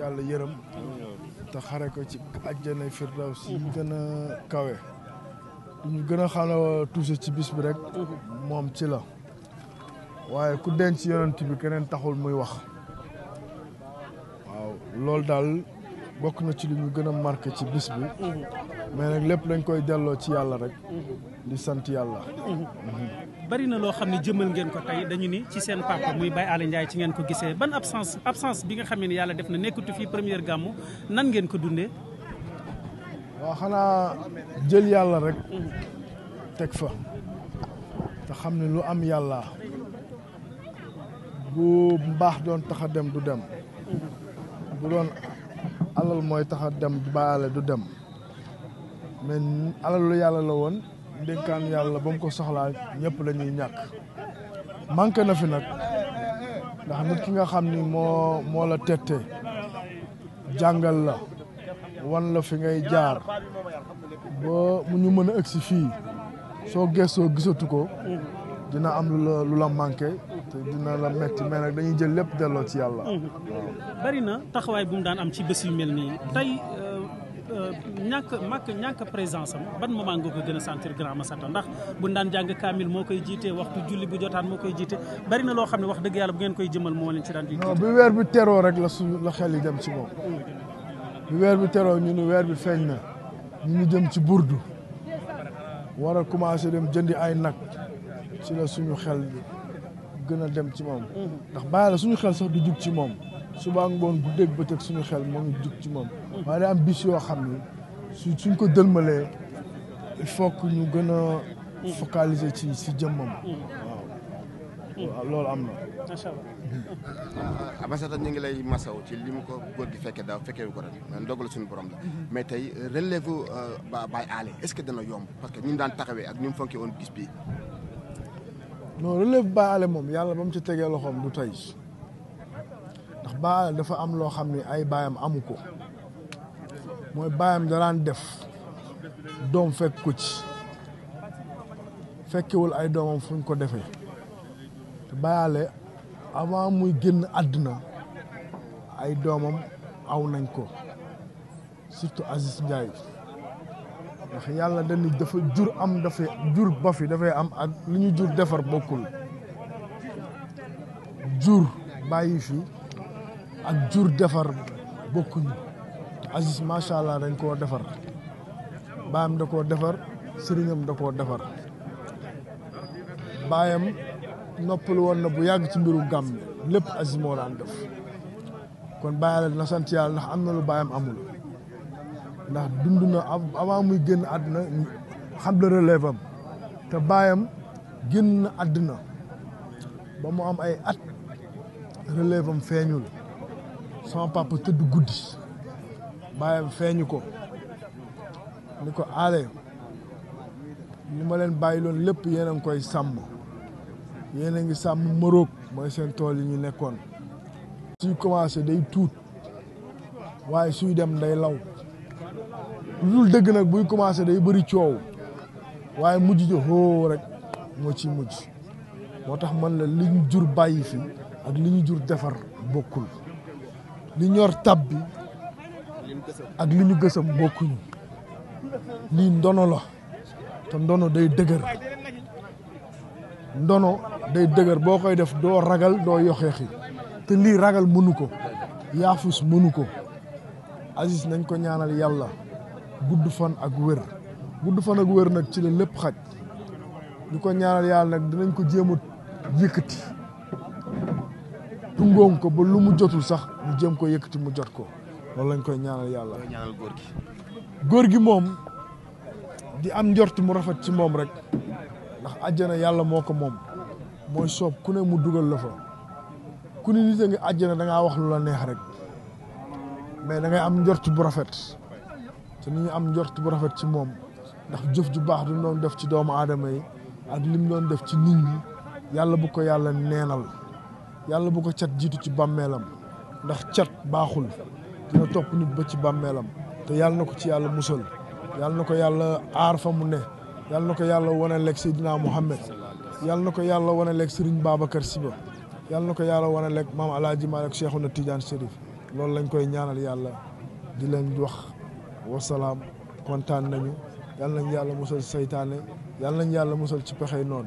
yàlla yërëm te xare ko ci àjjana firdaws yi gën a kawe ñu gën a xam ne tuuse ci bis bi rek moom ci la waaye ku denc yonent bi keneen taxul muy wax waaw loolu daal bokk na ci lu ñu gën a marqué ci bis bi mais nag lépp dañ koy delloo ci yàlla rek di sant yàlla bari na loo xam ne jëmal ngeen ko tey dañu ni ci seen papa muy Baye Aly Ndiaye ci ngeen ko gisee ban absence absence bi nga xamee ne yàlla def na nekkatu fii première gàmmu nan ngeen ko dundee. waaw xanaa jël yàlla rek. teg fa. te xam ne lu am yàlla. bu mbaax doon tax a dem du dem. bu doon alal mooy taxa dem dem baale du dem. mais alalu yàlla la woon. ndénkaan yàlla ba mu ko soxlaa ñëpp la ñuy ñàkk na fi nag ndax nit ki nga xam ni moo moo la tette jàngal la wan la fi ngay jaar ba mu ñu mën a si fii soo gëstoo gisatu ko dina am lu la lu la manqué te dina la metti mais nag dañuy jël lépp delloo ci yàlla. bari na taxawaay bu mu daan am ci bés yu Euh, ñàkk màkk ñàkk présence am ban moment nga ko gën a sentir grand Massata ndax bu daan jàng kaamil moo koy jiitee waxtu julli bu jotaan moo koy jiite bari na loo xam ne wax dëgg yàlla bu ngeen koy jëmal moo leen ci daan. non bu weer bi teroo rek la su la yi dem ci moom bu teroo ñu ne weer bi feeñ na ngi jëm ci burdu war a commencé dem jëndi ay nag ci la suñu xel gën a dem ci moom. Mm-hmm. ndax bàyyi la suñu xel sax du jug ci moom. suba ngoon bu dégg bëccëg suñu xel moom ngi jug ci moom. waaye day am bis yoo xam ne su suñ ko dëlmalee il faut ñu gën a. focaliser ci si jëmmam. waaw mm-hmm. waaw loolu am na. macha allah. Ah, ñu ngi lay masaw ci li mu ko góor gi fekkee daaw fekkee wu ko ren ndogalu suñu borom la. Mm-hmm. mais tey euh, relève euh, ba Baye Alé est-ce que dana yomb parce que ñu daan taxawee ak ñu mu fonkee woon bis bii. non relève Baye Alé moom yàlla ba mu ci tegee loxoom du tey. Balla dafa am loo xam ne ay baayam amu ko mooy baayam daraan def doom fekk ko ci fekkewul ay doomam fuñ ko defee te Bayaale avant muy génn àdduna ay doomam aw nañ ko surtout Aziz Ndiaye ndax yàlla dañu dafa jur am dafay jur ba fi dafay am ak li ñu jur defar bokkul jur bàyyi fi ak jur defar bokkuñu Aziz macha allah dañ koo defar baayam da koo defar sëriñam da koo defar baayam noppul woon na bu yàgg ci mbiru gàmm lépp Aziz moo daan def kon bàyyale na sant yàlla ndax am na lu baayam amul ndax dund na avant muy génn àdduna xam la relève te baayam génn na ba mu am ay at relève am feeñul sama papa tëdd guddi bàyyam feeñu ko ni ko aale li ma leen bàyyi loon lépp yéen a ngi koy sàmm yéen a ngi sàmm Maroc mooy seen tool yi ñu nekkoon suy commencé day tuut waaye suy dem day law lu dul dëgg nag buy commencé day bëri coow waaye mujj ji hoo rek moo ci mujj moo tax man la li ñu jur bàyyi fi ak li ñu jur defar bokkul li ñor tab bi ak li ñu gësam bokkuñu lii ndono la te ndono day dëgër ndono day dëgër boo koy def doo ragal doo yoxeexi te lii ragal mënu ko yaafus mënu ko Aziz nañ ko ñaanal yàlla gudd fan ak wér gudd fan ak wér nag ci la lépp xaj ñu ko ñaanal yàlla nag dinañ ko jéem a tungoom ko ba lu mu jotul sax jëm ko yëkkati mu jot ko loolu lañ koy ñaanal yàlla. ñaanal góor góor gi moom di am njort mu rafet ci moom rek ndax àjjana yàlla moo ko moom mooy soob ku ne mu dugal la fa ku ne nit a ngi àjjana da ngaa wax lu la neex rek mais da ngay am njort bu rafet te ni ñu am njort bu rafet ci moom ndax jëf ju baax du doon def ci doomu aadama yi ak lim doon def ci nit ñi yàlla bu ko yàlla neenal. yàlla bu ko cat jiitu ci bàmmeelam ndax cat baaxul dina topp nit ba ci bàmmeelam te yàlla na ko ci yàlla musal yàlla na ko yàlla aar fa mu ne yàlla na ko yàlla wanaleeg Seydina Mouhamed yàlla na ko yàlla wanaleeg lekk Babacar Sy Ba yàlla na ko yàlla wanaleeg maam El Hadj Malick Cheikhouna Tidiane Chérif loolu lañ koy ñaanal yàlla di leen wax wasalaam kontaan nañu yàlla nañ yàlla musal seytaane yàlla nañ yàlla musal ci pexey noon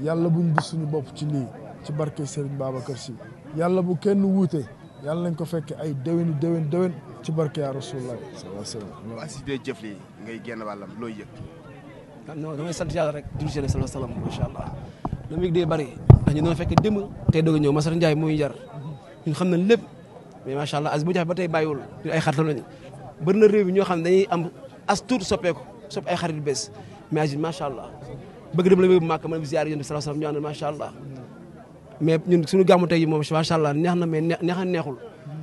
yàlla buñ gis suñu bopp ci lii. ci barke Serigne Babacar Sy yàlla bu kenn wuute yàlla nañ ko fekke ay déwéni déwén déwén ci barke a Rasulullah sallallahu alayhi wasallam asside jëf li ngay génn wàllam looy yëg non damay sant yàlla rek dul jële sallallahu alayhi wasallam insha allah lu mu yëg dee bëri ndax ñu doon fekk démb tey a ñëw Massar Ndiaye mooy jar ñun macha allah as ba tey bàyyiwul ay xaritam lañu bi ñoo xam ne am as tuut soppeeku sopp ay xarit bees mais a macha allah bëgg dem mais ñun suñu gàmmu tey moom macha allah neex na mais neex a neexul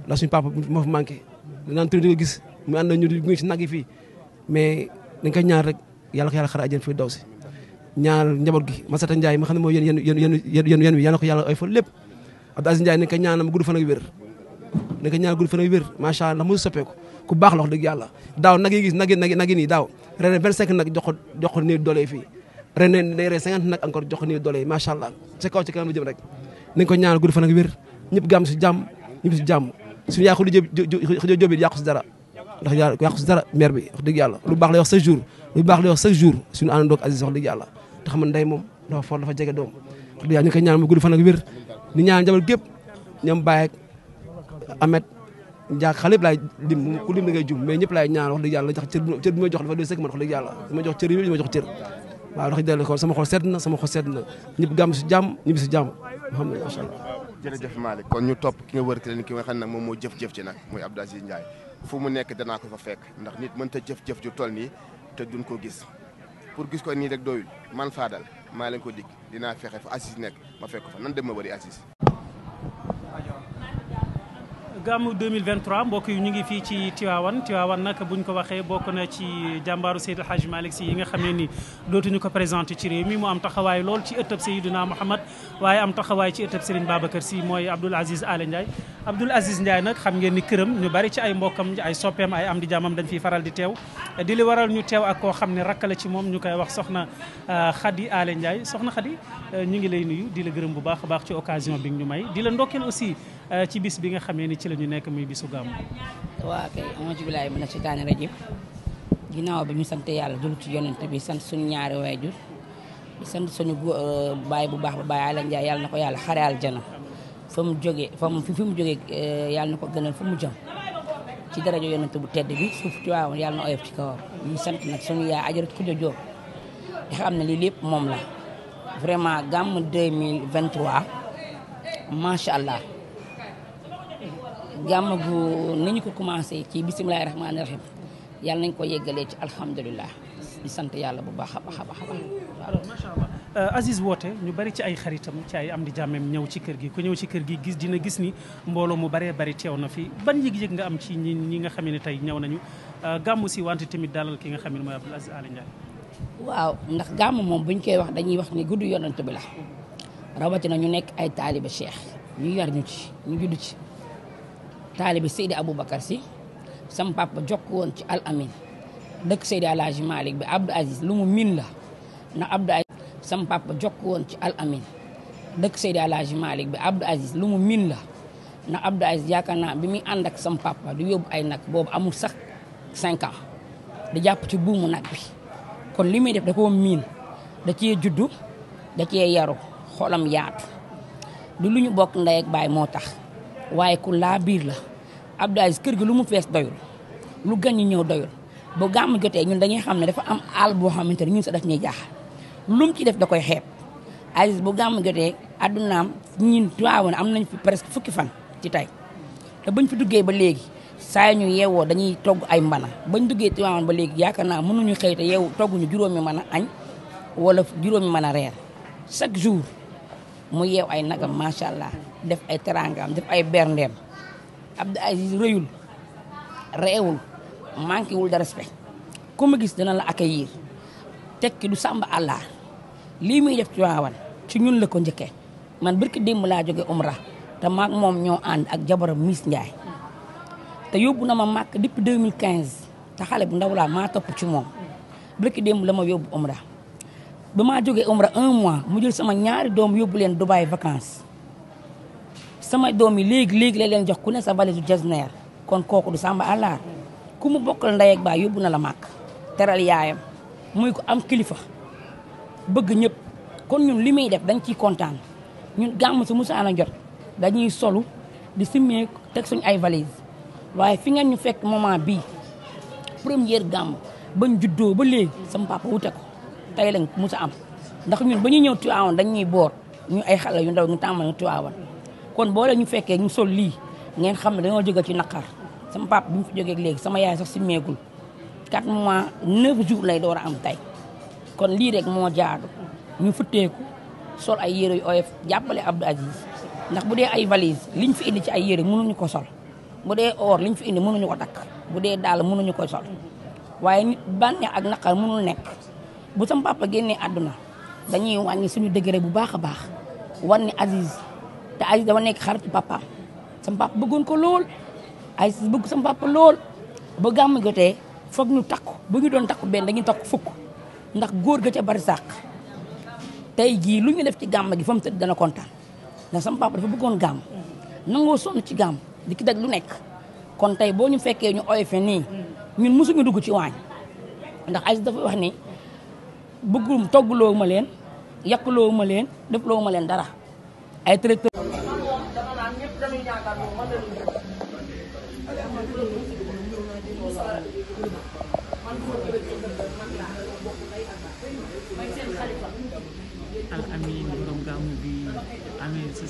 ndax suñu papa moo fi manqué danaan tuuti di nga gis mu ànd na ñu ngi si nag yi fii mais dañ koy ñaan rek yàlla ko yàlla xara ajjana fii daw si ñaanal njaboot gi Masata Ndiaye mi xam ne mooy yéen yéen yéen yéen wi yàlla ko yàlla ay fa lépp Abdou Aziz Ndiaye allah ndax mosu soppeeku ku baax la wax dëgg yàlla daaw nag yi gis nag nag nag yi nii daaw ren 25 nag jox ko jox ko néew doole fii ren day rey 50 nag encore jëm rek nañ ko ñaanal gudd fan ak wér ñëpp gàmm si jàmm ñëpp si jàmm suñu yaay xuli xëjoo jóbit yàqu si dara ndax yàqu si dara maire bi wax dëgg yàlla lu baax lay wax chaque jour lu baax lay wax chaque jour suñu àndandoo ak Aziz wax dëgg yàlla te xam ne ndey moom dafa fort dafa jege doom wax dëgg yàlla ñu koy ñaanal mu gudd fan ak wér ni ñaanal jabal gépp ñoom Baye ak Amet Njaak xale yëpp laay lim ku lim da ngay jum mais ñëpp laay ñaan wax dëgg yàlla jox cër cër bi ma jox dafa doy sëkk man wax dëgg yàlla ma jox cër yi ma jox cër waaw ndax dellu ko sama xol sedd na sama xol sedd na ñëpp gàmm si jàmm ñibbi si jàmm alhamdulilah jërëjëf Malick kon ñu topp ki nga wër ki ki nga xam ne nag moom moo jëf-jëf ci nag mooy Abdou Aziz Ndiaye fu mu nekk danaa ko fa fekk ndax nit mën ta jëf-jëf ju toll nii te duñ ko gis pour gis ko nii rek doyul man Fadal maa leen ko dig dinaa fexe fa Aziz nekk ma fekk fa nan dem ma wëri Aziz gàmmu 2023 mbokk yi ñu ngi fii ci Tivaouane Tivaouane nag buñ ko waxee bokk na ci jàmbaaru Seydil Hadj malek Sy yi nga xam ne ni dootuñu ko présenté ci réew mii mu am taxawaay lool ci ëttëb Seydina Mouhamad waaye am taxawaay ci ëttëb Serigne Babacar Sy mooy Abdoul Aziz Aly Ndiaye Abdoul Aziz Ndiaye nag xam ngeen ni këram ñu bari ci ay mbokkam ay soppeem ay am di jàmmam dañ fiy faral di teew di li waral ñu teew ak koo xam ne rakk la ci moom ñu koy wax soxna euh, Khady Aly Ndiaye soxna Khady euh, ñu ngi lay nuyu di la gërëm bu baax a baax ci occasion bi ñu may di la ndokkeel aussi Euh, ci bis bi nga xamee ni ci la ñu nekk muy bisu gàmmu. waa kay amoo bilaay mën na si daane rajim ginnaaw bi ñu sant yàlla dul ci bi sant suñu ñaari waajur di sant suñu euh, baay bu baax ba baay Alla yàlla na ko yàlla xare aljana fa mu jógee fa mu fi mu jógee euh, yàlla na ko gënal fa mu jëm ci darajo yonent bu tedd bi suuf ci waaw yàlla na oyof ci kawam ñu sant nag suñu yaay ajarat ku jojoo di xam ne lii lépp moom la vraiment gàmm 2023 macha allah gàmm gu ni ñu ko commencé ci bisimilahi rahmaani rahim yàlla nañ ko yeggalee ci alhamdulilah ñu sant yàlla bu baax a baax a baax alors euh, woote ñu bari ci ay xaritam ci ay am di jàmmeem ñëw ci kër gi ku ñëw ci kër gi gis dina gis ni mbooloo mu baree bari teew na fi ban yëg-yëg nga am ci ñi ñi nga xam ne tey ñëw nañu euh, gàmm si wante tamit dalal ki nga xam ne mooy Abdoul Aziz Aly Ndiaye waaw ndax gàmm moom buñ koy wax dañuy wax ni gudd yonent bi la rawatina ñu nekk ay taaliba cheikh ñu yar taalibi Seydi Aboubacar si sam papa jokk woon ci Al Amin dëkk Seydi Alhaji bi Abdou Aziz lu mu min la ndax Abdou Aziz woon ci Al Amin dëkk Seydi Alhaji bi Abdou Aziz lu mu min la na Abdou Aziz yaakaar naa bi muy ànd ak sam papa du yóbbu ay nag boobu amul sax cinq ans di jàpp ci buumu nag bi kon li muy def da koo miin da cee juddu da cee yaru xolam yaatu du lu ñu bokk ndey baay moo tax waaye ku laa biir la Abdou Aziz kër gi lu mu fees doyul lu gan ñi ñëw doyul bu gàmm jotee dañuy xam ne dafa am àll boo xamante ne ñun sa daf ñuy jaaxal lu mu def da koy xeeb Aziz bu gàmm jotee addunaam ñun tuwaawoon am nañ presque fukki fan ci tey te bañ fi duggee ba léegi saa ñu yeewoo dañuy togg ay mbana bañ duggee tuwaawoon ba léegi yaakaar naa mënuñu xëy te yeewu togguñu juróomi mën a añ wala juróomi mën a reer chaque jour mu yeew ay nagam macha allah def ay teraangaam def ay berndeem Abdou Aziz rëyul reewul manqué wul de respect ku ma gis dana la accueillir tekki du sàmb àllaa lii muy def ci waawan ci ñun la njëkkee man barki démb laa jóge umra te maag moom ñoo ànd ak jabaram Miss Ndiaye te yóbbu na ma màkk depuis 2015 te xale bu ndaw laa maa topp ci moom barki démb la ma yóbbu umra ba maa jógee umra un mois mu jël sama ñaari doom yóbbu leen Dubaay vacances sama doom yi léegi léegi la leen jox ku ne sa valise jasneer kon kooku du sàmba àllaar ku mu bokkal ndey ak baay yóbbu na la màkk teral yaayam muy ko am kilifa bëgg ñëpp kon ñun li muy def dañ ciy kontaan ñun gàmm su musaana jot dañuy solu di simmee teg suñ ay valise waaye fi nga ñu fekk moment bii première gàmm bañ juddoo ba léegi sama papa wute ko tey lañ am ndax ñun ba ñu ñëw Tiwaawan dañ ñuy boor ñu ay xale yu ndaw ñu tàmbali ñu Tiwaawan kon boole ñu fekkee ñu sol lii ngeen xam ne dañoo jóge ci naqar sama papa bi mu fi jógee léegi sama yaay sax si meegul 4 mois 9 jours lay door a am tay kon lii rek moo jaadu ñu futteeku sol ay yére yu oyof jàppale Abdou Aziz ndax bu dee ay valise liñ fi indi ci ay yére mënuñu ko sol bu dee or liñ fi indi mënuñu ko dakk bu dee daal mënuñu ko sol waaye nit bànneex ak naqar mënul nekk bu sama papa génnee àdduna dañuy wàññi suñu degré bu baax a baax wan ni te Aziz dama nekk xaritu papaam sama papa bëggoon ko lool ay bëgg sama papa lool ba gàmm jotee foog ñu takku bu ñu doon takku benn dañuy takku fukk ndax góor ga ca bari sàq tey jii lu ñu def ci gàmm gi fa mu tëdd dana kontaan ndax sama papa dafa bëggoon gàmm nangoo sonn ci gàmm di ki daj lu nekk kon tey boo ñu fekkee ñu oyofe nii ñun mosuñu dugg ci waañ ndax Aziz dafa wax ni bëggum togguloo ma leen yàquloo ma leen defloo ma leen dara ay traité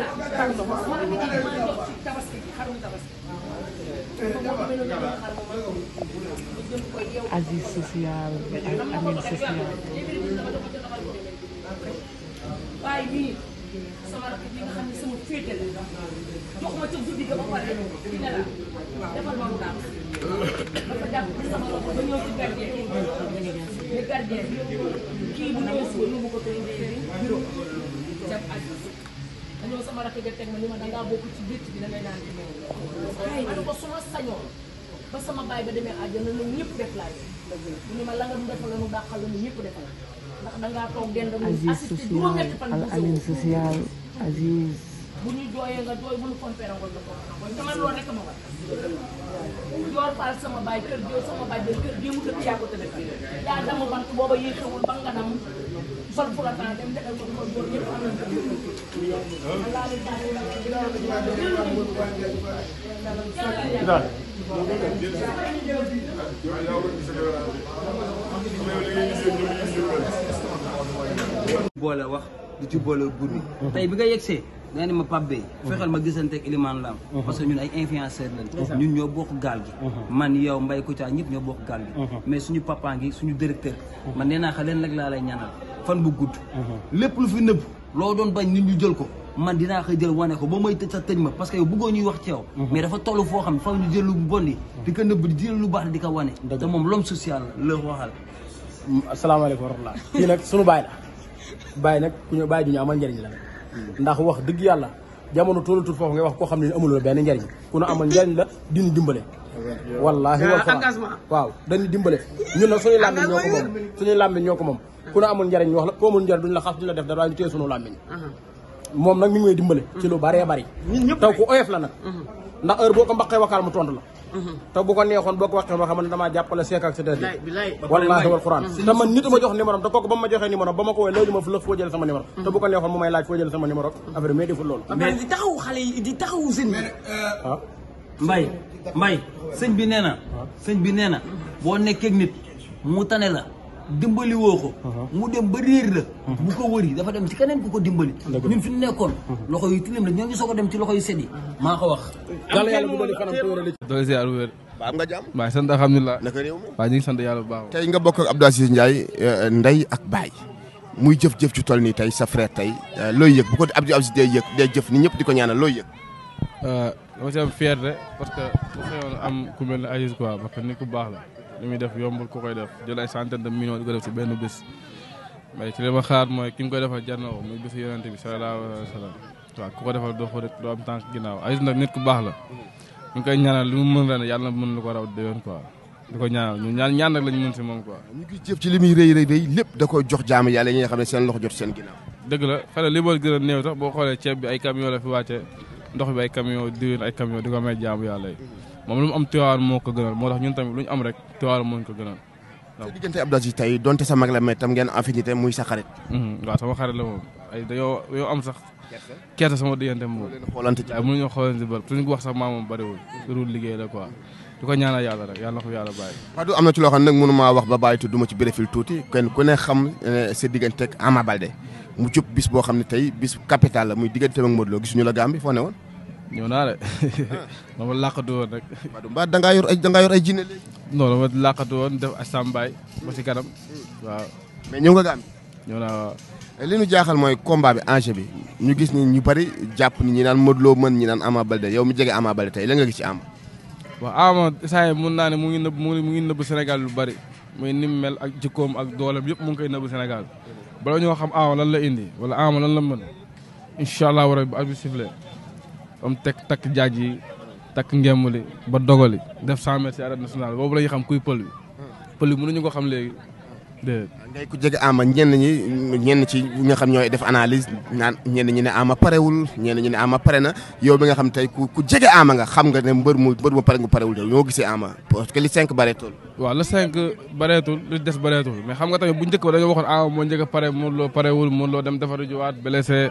pardon wala mi ngi jóg ci tabaski xarum tabaski Aziz social bi ak Amine social waaye nii sama rakk bi nga xam ne sama féete la jox ma ca guddi ga ba pare ci ne la defal ma lu daal dafa jàpp sama loxo ba ñëw ci gardien ni gardien kii bu ñëwee suba yóbbu ko tey bureau jàpp Aziz dañoo sama rakk ja teg ma ni ma dangaa bokk ci bitt bi da ngay naan ci meew ma ne ko ba sama baay ba demee àjjana nu ñëpp def laay mu ni ma la nga nu defal la nu dàqal la ñëpp defal ndax dangaa toog dend mu assisté juróom-ñetti fan al alim social Aziz bu ñu jooyee nga jooy bu ñu compéré ngoon la ko ngoon dama loolu rek ma war joor sama baay kër joo sama baay ba kër jéemu dëkk yaa ko tëdd yaa dama bant booba yéexewul ba nga dam fal fula taa dem defal ko kon kon ñëpp am nañu ko boole wax du ci boole guddi tey bi nga yegsee nee na ma Pape fexeel ma gisante ak Elimane Lam uh-huh. parce que ñun ay influenceurs lañ ñun ñoo bokk gaal gi uh-huh. man yow Mbaye Kouthia ñëpp ñoo bokk gaal gi uh-huh. mais suñu papa ngi suñu directeur man nee naa xa leen rek laa lay ñaanal fan bu gudd lépp lu fi nëbb loo doon bañ nit ñu jël ko man dinaa koy jël wane ko ba may tëj sax tëj ma parce que yow bëggoo ñuy wax ci yow mais dafa toll foo xam ne fa ñu jël lu bon li di ka nëbb di jël lu baax di ko wane te moom l'homme social la waxal mm, asalaamaaleykum wa rahmatulah nag suñu bàyyi la bàyyi nag ku ñu bàyyi la ndax wax dëgg yàlla jamono toolatul foofu nga wax koo xam ne amul la benn njariñ ku nu amal njariñ la dinu dimbale wallaahi wal fa waaw dañu dimbale ñun nag suñuy làmmiñ ñoo ko moom suñuy làmmiñ ñoo ko moom ku nu amul njariñ wax la ku amul njariñ duñu la xas duñu la def dara ñu téye sunu làmmiñ moom nag mi ngi may dimbale ci lu bëree bëri taw ku oyof la nag ndax heure boo ko mbaqee wakaal mu tontu la te bu ko neexoon boo ko waxee loo xam ne damaa jàppale seek ak c'est-à-dire wallaahi wal quran mm-hmm. te man ma jox ba ma joxee numéro ba ma ko woowee léegi ma fëlëf foo jëlee sama numéro mm-hmm. te bu ko neexoon mu may laaj foo jëlee sama numéro affaire mais deful loolu mais di taxaw xale yi di taxaw seen euh, waaw ah. mbay mbay sëñ bi nee na ah. sëñ bi nee na boo nekkee nit mu tane la dimbali woo ko uh-huh. mu dem ba réer la uh-huh. bu ko wëri dafa dem ci keneen ku ko dimbali ñun fi ñu nekkoon uh-huh. loxo yu tilim la ñoo ngi soog a dem ci loxo yu seddi maa ko wax yàlla yàlla bu doon kanam te wéral doole am nga jàmm waaye sant alhamdulilah naka réew mi waaye ñu ngi sant yàlla bu nga bokk ak Abdou Aziz euh, ak baay muy jëf-jëf ci toll nii tey sa frère tey euh, looy yëg bu ko Abdou Aziz day yëg day jëf ni ñëpp di ko ñaana looy yëg euh, dama ci am fierté parce que bu xëyoon am ku mel ne parce que nit ku baax la li muy def yombul ku koy def jël ay centaine de millions di ko def ci benn bés. mais ci li ma xaar mooy ki mu koy defal jar na ko muy bésu yonent bi sallallahu alayhi wa sallam waaw ku ko defal doo ko rek doo am tànk ginnaaw Aziz nag nit ku baax la. ñu koy ñaanal li mu mën ren yàlla mën lu ko raw déwén quoi. di ko ñaanal ñaan ñaan la lañ si moom quoi. ñu ngi jëf ci li muy rëy rëy rëy lépp da koy jox jaamu yàlla ñi nga xam ne seen loxo jot seen ginnaaw. dëgg la xëy boo xoolee ceeb bi ay camion la fi wàcce ndox bi ay camion diwin di ko may jaamu yàlla moom lu mu am Tivaouane moo ko gënal moo tax ñun tamit lu ñu am rek Tivaouane moo ñu ko gënal. sa diggante Abdou Aziz sa mag la mais tam ngeen affinité muy sa xarit. Mm-hmm. waaw sama la moom ay dañoo dañoo am sax. ba suñu wax sax maamam bariwul. ba bàyyi te du ma ci eh, mu jub bis boo xam ne tey bis capital la muy diggante ak Modou Lo gisuñu la Gambie foo ne woon ñëw naa de dama làqatu woon rek. mbaa da ngaa yor ay da ngaa yor ay jinne léegi. def asambaay ba si kanam hmm. waaw. mais ñëw nga Gàmbi. ñëw naa eh, jaaxal mooy combat bi enjeu bi ñu gis ni ñu bari jàpp ni ñi naan Modou Lo mën ñi naan Ama Baldé yow mu jege amaa Baldé tey lan nga gis ci Ama. waaw Ama mun naa ne mu ngi nëbb mu ngi nëbb Sénégal lu bari muy ni mu mel ak jikkoom ak dooleem yëpp mu ngi koy nëbb Sénégal bala ñoo xam Ama lan la indi wala Ama lan la mën incha allah war a bi sifle am teg takk jaaj yi takk ngemb li ba dogali def 100 mètres ci nationale boobu la ñuy xam kuy pël bi pël bi mënuñu ko xam léegi déedéet. Ah, ngay ku jege ama ñenn ñi ñenn ci ñi nga xam ñooy def analyse naan ñenn ñi ne ama parewul ñenn ñi ne ama pare yow bi nga xam tey ku ku jege ama nga xam nga ne mbër mu mbër mu pare parewul yow ñoo gisee ama parce que li 5 bareetul. waaw li 5 bareetul li des bareetul mais xam nga tamit bu njëkk ba dañoo waxoon ama moo njëkk a pare mënuloo parewul mënuloo dem defaru jiwaat blessé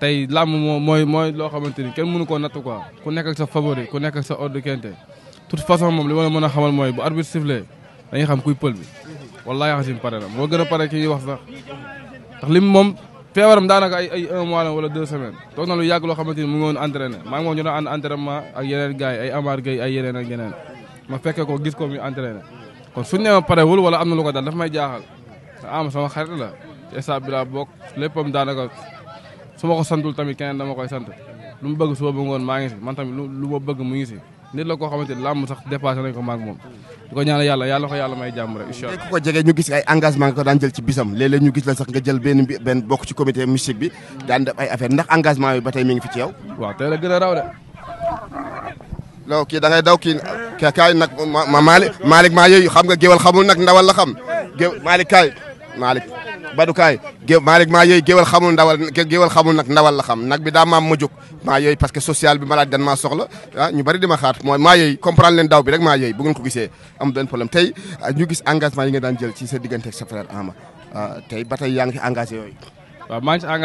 tey làmb moo mooy mooy loo xamante ni kenn mënu koo natt quoi ku nekk sa favori ku nekk ak sa ordre kente toute façon moom li ma la mën a xamal mooy bu arbitre sifflé dañuy xam kuy pël bi wallahi xasim pare na moo gën a pare ki ñuy wax sax ndax lim moom feebaram daanaka ay ay un mois la wala deux semaines toog na lu yàgg loo xamante ni mu ngi woon entraîné maa ngi woon ñu doon ànd entraînement ak yeneen gars yi ay Amar Gueye ay yeneen ak yeneen ma fekke ko gis ko muy entraîné kon suñu nee ma parewul wala am na lu ko dal daf may jaaxal te la ci stade bi daanaka su ma ko santul tamit keneen dama koy sant lu mu bëgg suba ba ngoon maa ngi si man tamit lu ma bëgg mu ngi si nit la koo xamante ni làmb sax dépassé nañ ko maag moom di ko ñaanal yàlla yàlla ko yàlla may jàmm rek incha allah nekk ko jege ñu gis ay engagement nga bi benn bokk ci comité musique bi daan def ay affaire a loo kii da ngay daw kii kaay nag ma Malick Malick maa yooyu xam nga géwal xamul nag ndawal la xam géw Malick kaay Malick badukaay géew Malick maa yooyu géewal xamul nag ndawal la xam nag bi daa maam ma jóg maa yooyu parce que social bi malade dan maa soxla ah ñu bëri di ma xaar mooy ah, ah, ba a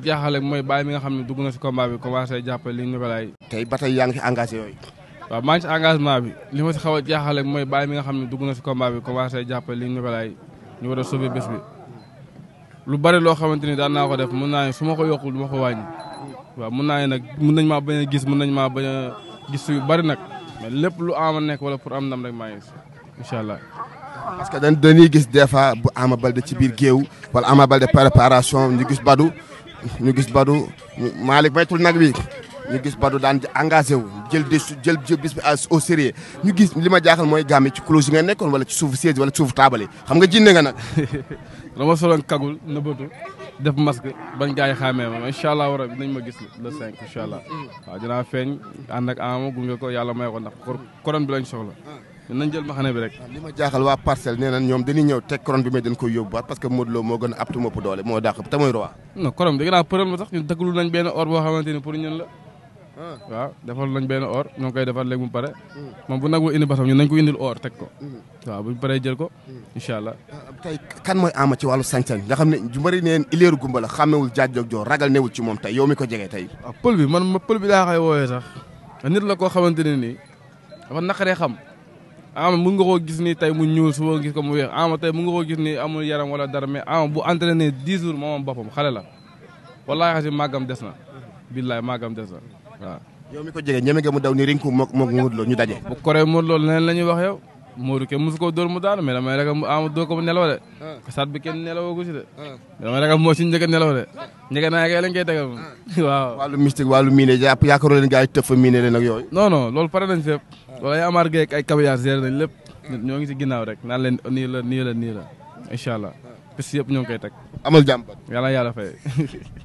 jaaxal mooy bàyyi mi nga xam ne dugg na si combat bi commencé jàppale ñu war a sauver bés lu bari loo xamante ni daan naa ko def mën naa ne su ma ko yokkul du ma ko wàññi waa mën naa nag mën nañ ma bañ a gis mën nañ ma bañ a gis yu bari nag mais lépp lu ama nekk wala pour am ndam rek maa ngi incha allah. parce que dañ dañuy gis des fois bu Ama Baldé ci biir géew wala Ama Baldé préparation ñu gis Badou ñu gis Badou Malick baytul nag wi ñu gis Badou daan engagé wu jël des jël bis bi sérieux ñu gis li ma jaaxal mooy gàmme ci close yi nga nekkoon wala ci suufu siège wala ci xam nga jinne nga nag. dama soloon kagul nëbbatu def masque bañ gars yi xàmmee ma incha allah war a nañ ma gis le cinq incha allah. waaw dinaa feeñ ànd ak ama gunge ko yàlla may ko ndax couronne bi lañ soxla. nañ jël maxane bi rek. li jaaxal waa parcelle nee na ñoom dañuy ñëw teg couronne bi mais dañ a aptu mopp doole moo dàq te waaw defal lañ benn or ñoo ngi koy defar léegi bu pare. moom bu nag moo indi basam ñu nañ ko indil or teg ko. waaw bu ñu paree jël ko. incha allah. tey kan mooy Ama ci wàllu sañ-sañ nga xam ne ju bëri neen ileeru gumba la xàmmewul jaajëf joo ragal newul ci moom tey yow mi ko jege tey. waaw pël bi man ma pël bi daa koy woowee sax nit la koo xamante ne nii dafa naqaree xam Ama mun nga koo gis ni tey mu ñuul suba gis ko mu weex Ama tey mu nga koo gis ni amul yaram wala dara mais Ama bu entraîné dix jours moomam boppam xale la wallaahi màggam des na billaay màggam des na waaw yow mi ko jege ñeme nga mu daw ni rinku mook mook Modou daje. bu koree Modou Lo leneen la ñuy wax yow Modou kenn mosu koo dóor mu daanu mais damay rek am ah, ko mu nelaw de ah. saat bi kenn nelawoogu si de ah. damay rek moo si njëkk a nelaw de njëkk naa kay lañ koy miine jàpp yaakaaroon leen gars yi tëf miine leen ak yooyu non non pare nañ fépp wala yaa amaar geek ay kabiyaar gérer nañ lépp ñoo ngi si ginnaaw rek naan leen nii la nii la nii la incha allah yëpp ñoo ngi koy teg amal jàmm yàlla yàlla